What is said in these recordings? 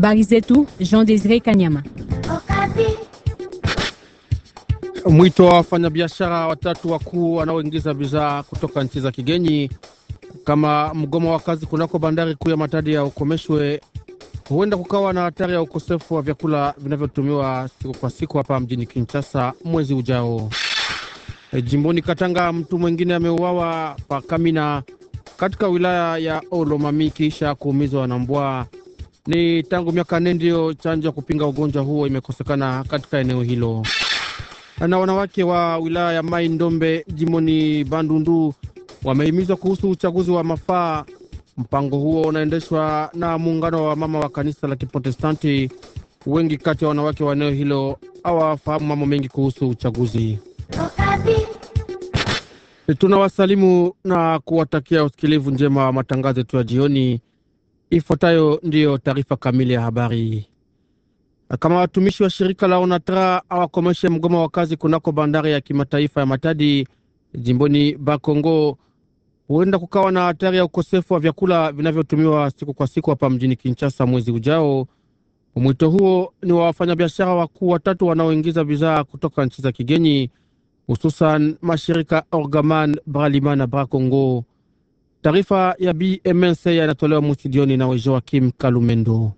Habari zetu Jean Desire Kanyama. Mwito wa wafanyabiashara watatu wakuu wanaoingiza bidhaa kutoka nchi za kigeni kama mgomo wa kazi kunako bandari kuu ya Matadi ya ukomeshwe, huenda kukawa na hatari ya ukosefu wa vyakula vinavyotumiwa siku kwa siku hapa mjini Kinshasa mwezi ujao. E, jimboni Katanga mtu mwingine ameuawa pa Kamina katika wilaya ya Olomami kisha kuumizwa na mbwa. Ni tangu miaka nne ndiyo chanjo ya kupinga ugonjwa huo imekosekana katika eneo hilo. Na wanawake wa wilaya ya Mai Ndombe jimoni Bandundu wamehimizwa kuhusu uchaguzi wa mafaa. Mpango huo unaendeshwa na muungano wa mama wa kanisa la Kiprotestanti. Wengi kati ya wanawake wa eneo hilo hawafahamu mambo mengi kuhusu uchaguzi. Tunawasalimu na kuwatakia usikilivu njema wa matangazo yetu ya jioni. Ifuatayo ndiyo taarifa kamili ya habari. Kama watumishi wa shirika la ONATRA awakomeshe mgomo wa kazi kunako bandari ya kimataifa ya Matadi jimboni Bakongo, huenda kukawa na hatari ya ukosefu wa vyakula vinavyotumiwa siku kwa siku hapa mjini Kinshasa mwezi ujao. Mwito huo ni wa wafanyabiashara wakuu watatu wanaoingiza bidhaa kutoka nchi za kigeni, hususan mashirika Orgaman, Braliman na Bracongo. Taarifa ya BMNC yanatolewa mustudioni na Joakim Kalumendo.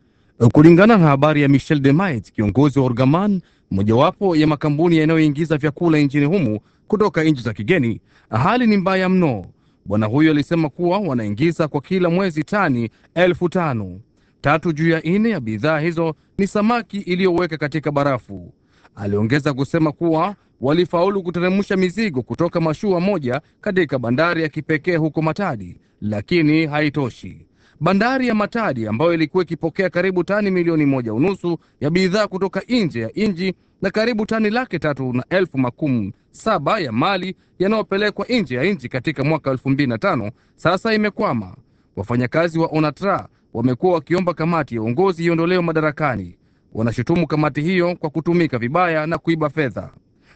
Kulingana na habari ya Michel Demait, kiongozi wa Orgaman, mojawapo ya makampuni yanayoingiza vyakula nchini humu kutoka nchi za kigeni, hali ni mbaya mno. Bwana huyo alisema kuwa wanaingiza kwa kila mwezi tani elfu tano tatu juu ya nne ya bidhaa hizo ni samaki iliyoweka katika barafu. Aliongeza kusema kuwa walifaulu kuteremsha mizigo kutoka mashua moja katika bandari ya kipekee huko Matadi, lakini haitoshi. Bandari ya Matadi ambayo ilikuwa ikipokea karibu tani milioni moja unusu ya bidhaa kutoka nje ya nchi na karibu tani laki tatu na elfu makumi saba ya mali yanayopelekwa nje ya nchi katika mwaka elfu mbili na tano sasa imekwama. Wafanyakazi wa ONATRA wamekuwa wakiomba kamati ya uongozi iondolewe madarakani. Wanashutumu kamati hiyo kwa kutumika vibaya na kuiba fedha.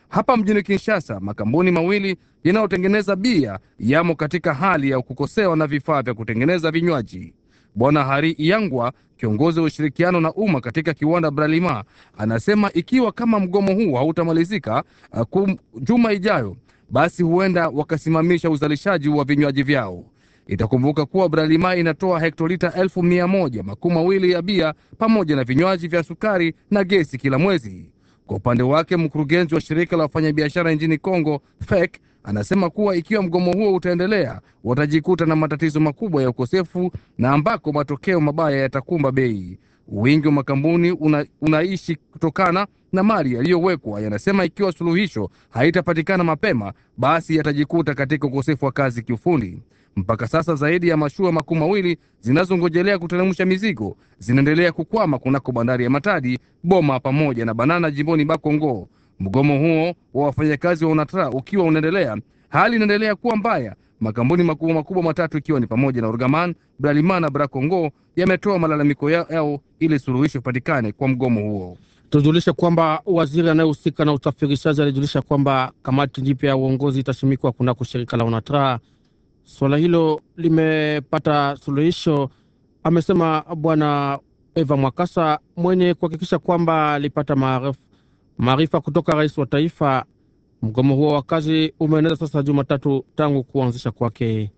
Hapa mjini Kinshasa, makampuni mawili yanayotengeneza bia yamo katika hali ya kukosewa na vifaa vya kutengeneza vinywaji. Bwana Hari Yangwa, kiongozi wa ushirikiano na umma katika kiwanda Bralima, anasema ikiwa kama mgomo huu hautamalizika uh, juma ijayo, basi huenda wakasimamisha uzalishaji wa vinywaji vyao. Itakumbuka kuwa Bralima inatoa hektolita elfu mia moja makumi mawili ya bia pamoja na vinywaji vya sukari na gesi kila mwezi. Kwa upande wake, mkurugenzi wa shirika la wafanyabiashara nchini Kongo FEC anasema kuwa ikiwa mgomo huo utaendelea, watajikuta na matatizo makubwa ya ukosefu na ambako matokeo mabaya yatakumba bei. Wingi wa makampuni una, unaishi kutokana na mali yaliyowekwa, yanasema ikiwa suluhisho haitapatikana mapema, basi yatajikuta katika ukosefu wa kazi kiufundi. Mpaka sasa zaidi ya mashua makuu mawili zinazongojelea kuteremsha mizigo zinaendelea kukwama kunako bandari ya Matadi, Boma pamoja na Banana jimboni Bakongo. Mgomo huo wa wafanyakazi wa UNATRA ukiwa unaendelea, hali inaendelea kuwa mbaya. Makampuni makubwa makubwa matatu ikiwa ni pamoja na Orgaman, Bralima na Bracongo yametoa malalamiko yao ya ili suluhisho patikane kwa mgomo huo. Tujulishe kwamba waziri anayehusika na usafirishaji alijulisha kwamba kamati jipya ya uongozi itasimikwa kunako shirika la UNATRA. Suala hilo limepata suluhisho, amesema Bwana Eva Mwakasa mwenye kuhakikisha kwamba alipata maarifa kutoka rais wa taifa. Mgomo huo wa kazi umeeneza sasa Jumatatu tangu kuanzisha kwake.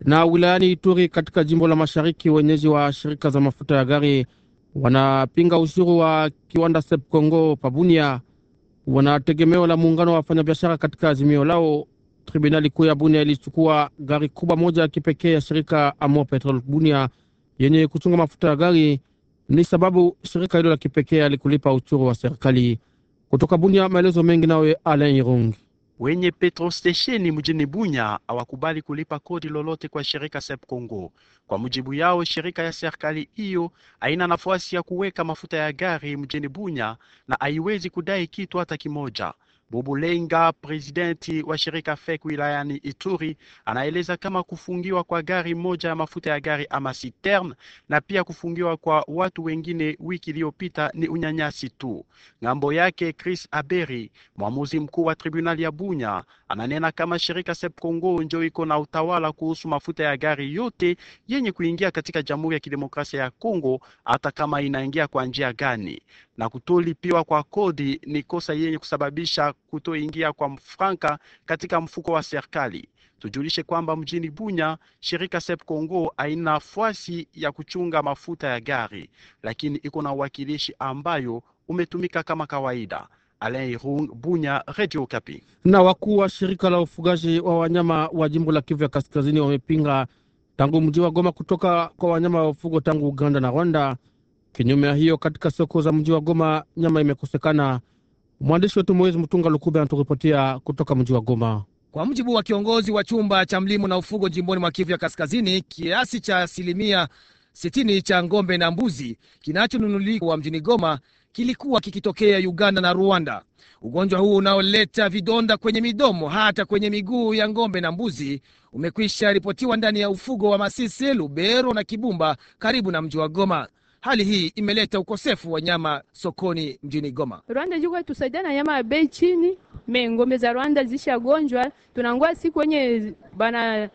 Na wilayani Ituri katika jimbo la Mashariki, wenyeji wa shirika za mafuta ya gari wanapinga ushuru wa kiwanda Sep Congo Pabunia. Wana tegemeo la muungano wa wafanyabiashara katika azimio lao Tribunali kuu ya Bunia ilichukua gari kubwa moja ya kipekee ya shirika Amor Petrol Bunia yenye kuchunga mafuta ya gari. Ni sababu shirika hilo la kipekee alikulipa uchuru wa serikali kutoka Bunia. Maelezo mengi nawe Alain irung Wenye petrostesheni mjini Bunya hawakubali kulipa kodi lolote kwa shirika Sep Congo. Kwa mujibu yao, shirika ya serikali hiyo haina nafasi ya kuweka mafuta ya gari mjini Bunya na haiwezi kudai kitu hata kimoja. Bubulenga, presidenti wa shirika FEC wilayani Ituri, anaeleza kama kufungiwa kwa gari moja ya mafuta ya gari ama citern na pia kufungiwa kwa watu wengine wiki iliyopita ni unyanyasi tu. Ng'ambo yake Chris Aberi, mwamuzi mkuu wa tribunali ya Bunya, Ananena kama shirika SEP Congo ndio iko na utawala kuhusu mafuta ya gari yote yenye kuingia katika Jamhuri ya Kidemokrasia ya Kongo, hata kama inaingia kwa njia gani. Na kutolipiwa kwa kodi ni kosa yenye kusababisha kutoingia kwa franka katika mfuko wa serikali. Tujulishe kwamba mjini Bunya shirika SEP Congo haina nafasi ya kuchunga mafuta ya gari, lakini iko na uwakilishi ambayo umetumika kama kawaida. Alain Irung, Bunya, Radio Kapi. Na wakuu wa shirika la ufugaji wa wanyama wa jimbo la Kivu ya Kaskazini wamepinga tangu mji wa Goma kutoka kwa wanyama wa ufugo tangu Uganda na Rwanda. Kinyume hiyo, katika soko za mji wa Goma nyama imekosekana. Mwandishi wetu Moizi Mtunga Lukube anaturipotia kutoka mji wa Goma. Kwa mujibu wa kiongozi wa chumba cha mlimo na ufugo jimboni mwa Kivu ya Kaskazini, kiasi cha asilimia sitini cha ng'ombe na mbuzi kinachonunuliwa mjini Goma kilikuwa kikitokea Uganda na Rwanda. Ugonjwa huu unaoleta vidonda kwenye midomo hata kwenye miguu ya ng'ombe na mbuzi umekwisha ripotiwa ndani ya ufugo wa Masisi, Lubero na Kibumba karibu na mji wa Goma. Hali hii imeleta ukosefu wa nyama sokoni mjini Goma. Rwanda juko tusaidia na nyama ya bei chini, me ng'ombe za Rwanda zishagonjwa, tunangua siku wenye bana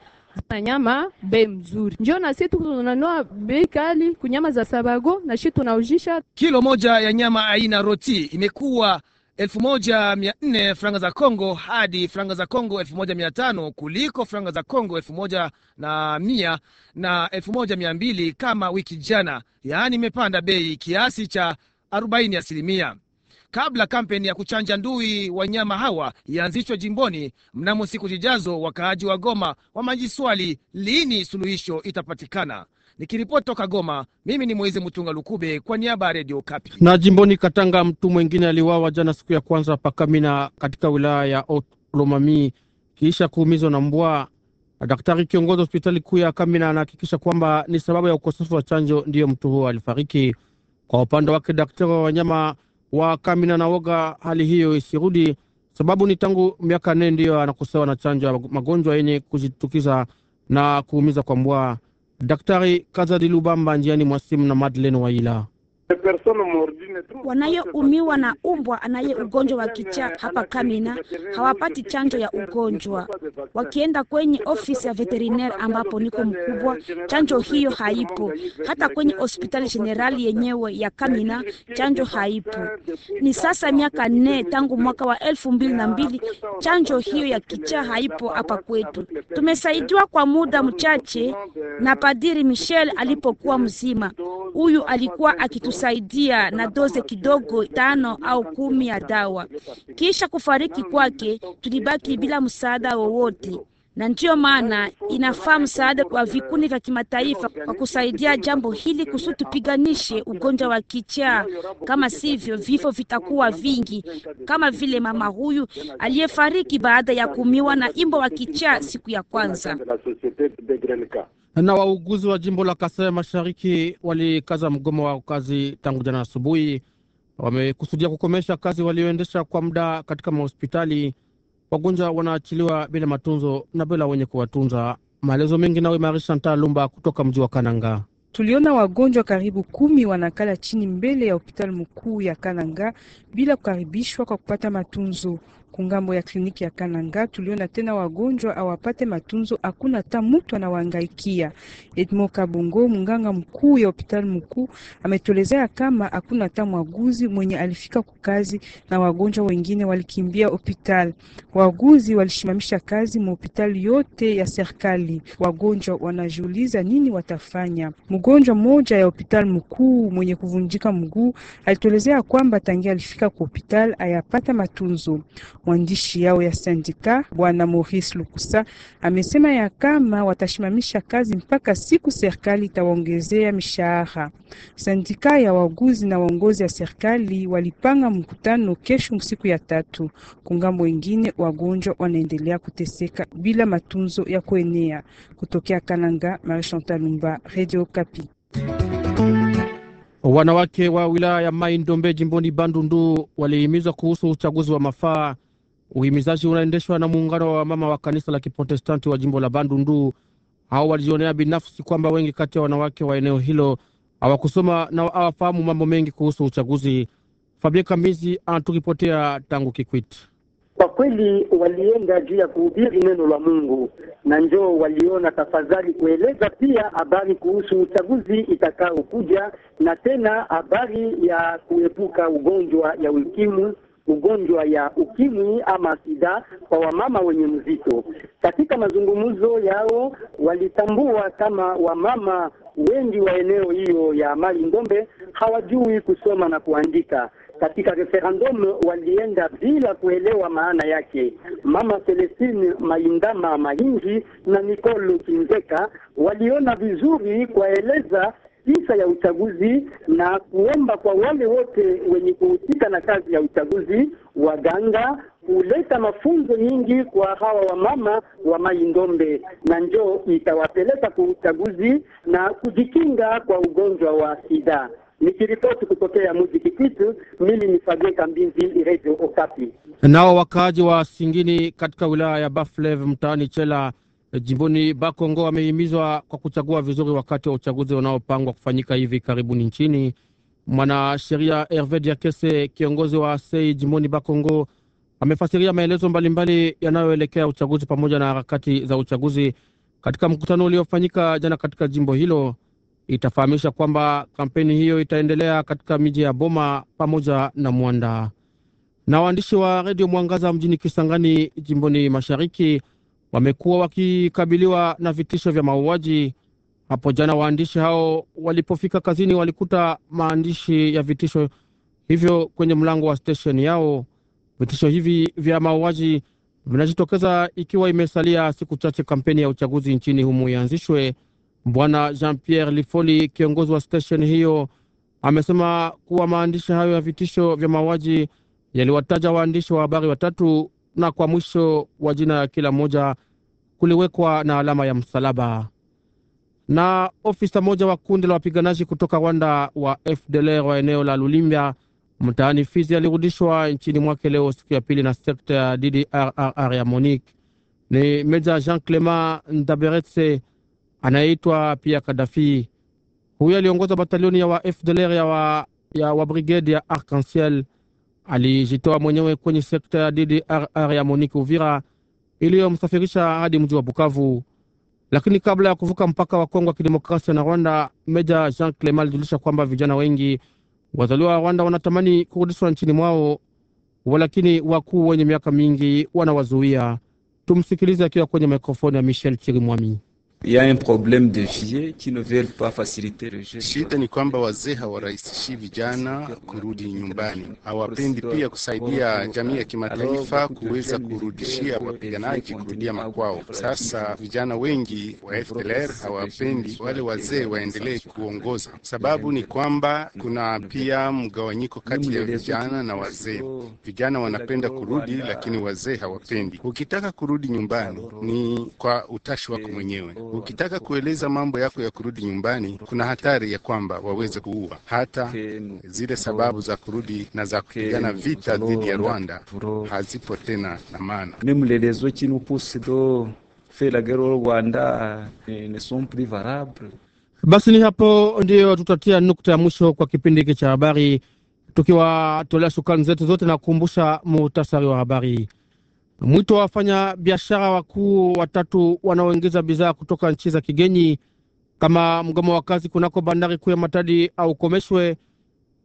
na nyama bei mzuri, njo na sisi tunanua bei kali kunyama za sabago, na sisi tunaujisha kilo moja ya nyama aina roti imekuwa elfu moja mia nne franga za Kongo hadi franga za Kongo elfu moja mia tano kuliko franga za Kongo elfu moja na mia na elfu moja mia mbili kama wiki jana, yaani imepanda bei kiasi cha arobaini asilimia kabla kampeni ya kuchanja ndui wanyama hawa ianzishwe jimboni mnamo siku zijazo. Wakaaji wa Goma wamajiswali lini suluhisho itapatikana. Nikiripoti toka Goma, mimi ni Mwezi Mutunga Lukube kwa niaba ya Redio Kapi. Na jimboni Katanga, mtu mwengine aliwawa jana siku ya kwanza pakamina katika wilaya ya Lomami kisha kuumizwa na mbwa. Daktari kiongozi hospitali kuu ya Kamina anahakikisha kwamba ni sababu ya ukosefu wa chanjo ndiyo mtu huo alifariki. Kwa upande wake, daktari wa wanyama wa Kamina na woga hali hiyo isirudi, sababu ni tangu miaka nne ndiyo anakosewa na chanjo ya magonjwa yenye kujitukiza na kuumiza kwa mbwa. Daktari Kazadi Lubamba, njiani mwasimu na Madeleine Waila. Wanayeumiwa na umbwa anaye ugonjwa wa kichaa hapa Kamina hawapati chanjo ya ugonjwa. Wakienda kwenye ofisi ya veteriner ambapo niko mkubwa, chanjo hiyo haipo. Hata kwenye hospitali jenerali yenyewe ya Kamina chanjo haipo. Ni sasa miaka nne tangu mwaka wa elfu mbili na mbili chanjo hiyo ya kichaa haipo hapa kwetu. Tumesaidiwa kwa muda mchache na Padiri Michel alipokuwa mzima, huyu alikuwa akitusaidia na doze kidogo tano au kumi ya dawa. Kisha kufariki kwake, tulibaki bila msaada wowote na ndiyo maana inafaa msaada kwa vikundi vya kimataifa kwa kusaidia jambo hili kusudi tupiganishe ugonjwa wa kichaa. Kama sivyo, vifo vitakuwa vingi, kama vile mama huyu aliyefariki baada ya kumiwa na imbo wa kichaa siku ya kwanza. Na wauguzi wa jimbo la Kasai Mashariki walikaza mgomo wa kazi tangu jana asubuhi. Wamekusudia kukomesha kazi walioendesha kwa muda katika mahospitali wagonjwa wanaachiliwa bila matunzo na bila wenye kuwatunza. Maelezo mengi nawe Mari Santa Lumba kutoka mji wa Kananga. Tuliona wagonjwa karibu kumi wanakala chini mbele ya hospitali mkuu ya Kananga bila kukaribishwa kwa kupata matunzo kungambo ya kliniki ya Kananga tuliona tena wagonjwa awapate matunzo, hakuna hata mtu anawahangaikia. Edmo Kabongo, mganga mkuu ya hospitali mkuu, ametuelezea kama hakuna hata mwaguzi mwenye alifika kukazi na wagonjwa wengine walikimbia hospitali. Waguzi walishimamisha kazi mahospitali yote ya serikali. Wagonjwa wanajiuliza nini watafanya. Mgonjwa mmoja ya hospitali mkuu mwenye kuvunjika mguu alitolezea kwamba tangia alifika kwa hospitali ayapata matunzo mwandishi yao ya sindika Bwana Maurice Lukusa amesema ya kama watashimamisha kazi mpaka siku serikali itawaongezea mishahara. sandika ya waguzi na waongozi ya serikali walipanga mkutano kesho siku ya tatu. Kungambo wengine wagonjwa wanaendelea kuteseka bila matunzo ya kuenea. Kutokea Kananga, Marie Chantal Lumba, Radio Kapi. Wanawake wa wilaya ya Mai Ndombe jimboni Bandundu walihimizwa kuhusu uchaguzi wa mafaa Uhimizaji unaendeshwa na muungano wa mama wa kanisa la kiprotestanti wa jimbo la Bandundu. Hao walijionea binafsi kwamba wengi kati ya wanawake wa eneo hilo hawakusoma na hawafahamu mambo mengi kuhusu uchaguzi. Fabie Kamizi anatukipotea tangu Kikwiti. Kwa kweli walienda juu ya kuhubiri neno la Mungu na njoo waliona tafadhali kueleza pia habari kuhusu uchaguzi itakaokuja, na tena habari ya kuepuka ugonjwa ya ukimwi ugonjwa ya ukimwi ama sida kwa wamama wenye mzito. Katika mazungumzo yao walitambua kama wamama wengi wa eneo hiyo ya Mali Ngombe hawajui kusoma na kuandika. Katika referendum walienda bila kuelewa maana yake. Mama Celestine Maindama Mahingi na Nicole Kinzeka waliona vizuri kwaeleza sifa ya uchaguzi na kuomba kwa wale wote wenye kuhusika na kazi ya uchaguzi, waganga kuleta mafunzo nyingi kwa hawa wamama wa Maindombe, na njoo itawapeleka kwa uchaguzi na kujikinga kwa ugonjwa wa sida. Nikiripoti kutokea mji Kikitu, mimi ni Fabien Kambinzi, Radio Okapi. Nao wakaaji wa Singini katika wilaya ya Baflev mtaani Chela jimboni Bakongo wamehimizwa kwa kuchagua vizuri wakati wa uchaguzi unaopangwa kufanyika hivi karibuni nchini. Mwanasheria Herve Diakese, kiongozi wa sei jimboni Bakongo, amefasiria maelezo mbalimbali yanayoelekea uchaguzi pamoja na harakati za uchaguzi katika mkutano uliofanyika jana katika jimbo hilo. Itafahamisha kwamba kampeni hiyo itaendelea katika miji ya Boma pamoja na Mwanda. Na waandishi wa redio Mwangaza mjini Kisangani jimboni Mashariki wamekuwa wakikabiliwa na vitisho vya mauaji. Hapo jana waandishi hao walipofika kazini, walikuta maandishi ya vitisho hivyo kwenye mlango wa stesheni yao. Vitisho hivi vya mauaji vinajitokeza ikiwa imesalia siku chache kampeni ya uchaguzi nchini humu ianzishwe. Bwana Jean Pierre Lifoli, kiongozi wa stesheni hiyo, amesema kuwa maandishi hayo ya vitisho vya mauaji yaliwataja waandishi wa habari watatu na kwa mwisho wa jina ya kila mmoja kuliwekwa na alama ya msalaba. Na ofisa mmoja wa kundi la wapiganaji kutoka Rwanda wa FDLR wa eneo la lulimbia mtaani Fizi alirudishwa nchini mwake leo siku ya pili na sekta ya DDRR ya Monique. Ni Meja Jean Clement Ndaberetse anayeitwa pia Kadafi. Huyo aliongoza batalioni ya wa FDLR ya wa, ya wa brigade ya Arc-en-Ciel alijitoa mwenyewe kwenye sekta ya DDRR ya Monique Uvira iliyomsafirisha hadi mji wa Bukavu. Lakini kabla ya kuvuka mpaka wa Kongo ya Kidemokrasia na Rwanda, Meja Jean Clema alijulisha kwamba vijana wengi wazaliwa wa Rwanda wanatamani kurudishwa nchini mwao, walakini wakuu wenye miaka mingi wanawazuia. Tumsikilize akiwa kwenye mikrofoni ya Michel Chirimwami. Shida ni kwamba wazee hawarahisishi vijana kurudi nyumbani, hawapendi pia kusaidia jamii ya kimataifa kuweza kurudishia wapiganaji kurudia makwao. Sasa vijana wengi wa FDLR hawapendi wale wazee waendelee kuongoza. Sababu ni kwamba kuna pia mgawanyiko kati ya vijana na wazee. Vijana wanapenda kurudi, lakini wazee hawapendi. Ukitaka kurudi nyumbani ni kwa utashi wako mwenyewe. Ukitaka kueleza mambo yako ya kurudi nyumbani, kuna hatari ya kwamba waweze kuua. Hata zile sababu za kurudi na za kupigana vita dhidi ya Rwanda hazipo tena na maana basi ni hapo ndio tutatia nukta ya mwisho kwa kipindi hiki cha habari, tukiwatolea shukrani zetu zote na kukumbusha muhtasari wa habari. Mwito wa wafanya biashara wakuu watatu wanaoingiza bidhaa kutoka nchi za kigeni kama mgomo wa kazi kunako bandari kuu ya Matadi au komeshwe,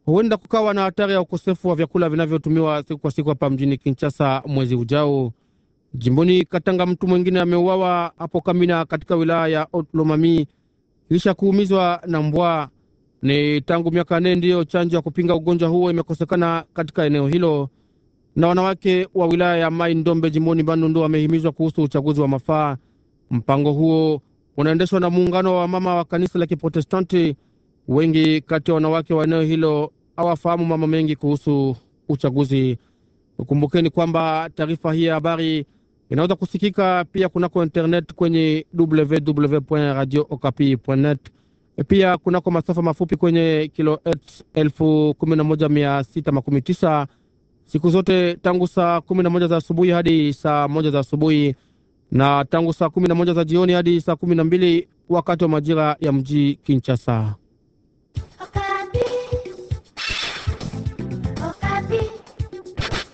huenda kukawa na hatari ya ukosefu wa vyakula vinavyotumiwa siku kwa siku hapa mjini Kinshasa mwezi ujao. Jimboni Katanga, mtu mwingine ameuawa hapo Kamina katika wilaya ya Otlomami kisha kuumizwa na mbwa. Ni tangu miaka nne ndiyo chanjo ya kupinga ugonjwa huo imekosekana katika eneo hilo na wanawake wa wilaya ya Mai Ndombe jimoni Bandundu wamehimizwa kuhusu uchaguzi wa mafaa. Mpango huo unaendeshwa na muungano wa mama wa kanisa la Kiprotestanti. Wengi kati ya wanawake wa eneo hilo hawafahamu mambo mengi kuhusu uchaguzi. Kumbukeni kwamba taarifa hii ya habari inaweza kusikika pia kunako internet kwenye www.radiookapi.net, pia kunako masafa mafupi kwenye kilohertz elfu kumi na moja mia sita makumi tisa siku zote tangu saa kumi na moja za asubuhi hadi saa moja za asubuhi na tangu saa kumi na moja za jioni hadi saa kumi na mbili wakati wa majira ya mji Kinshasa.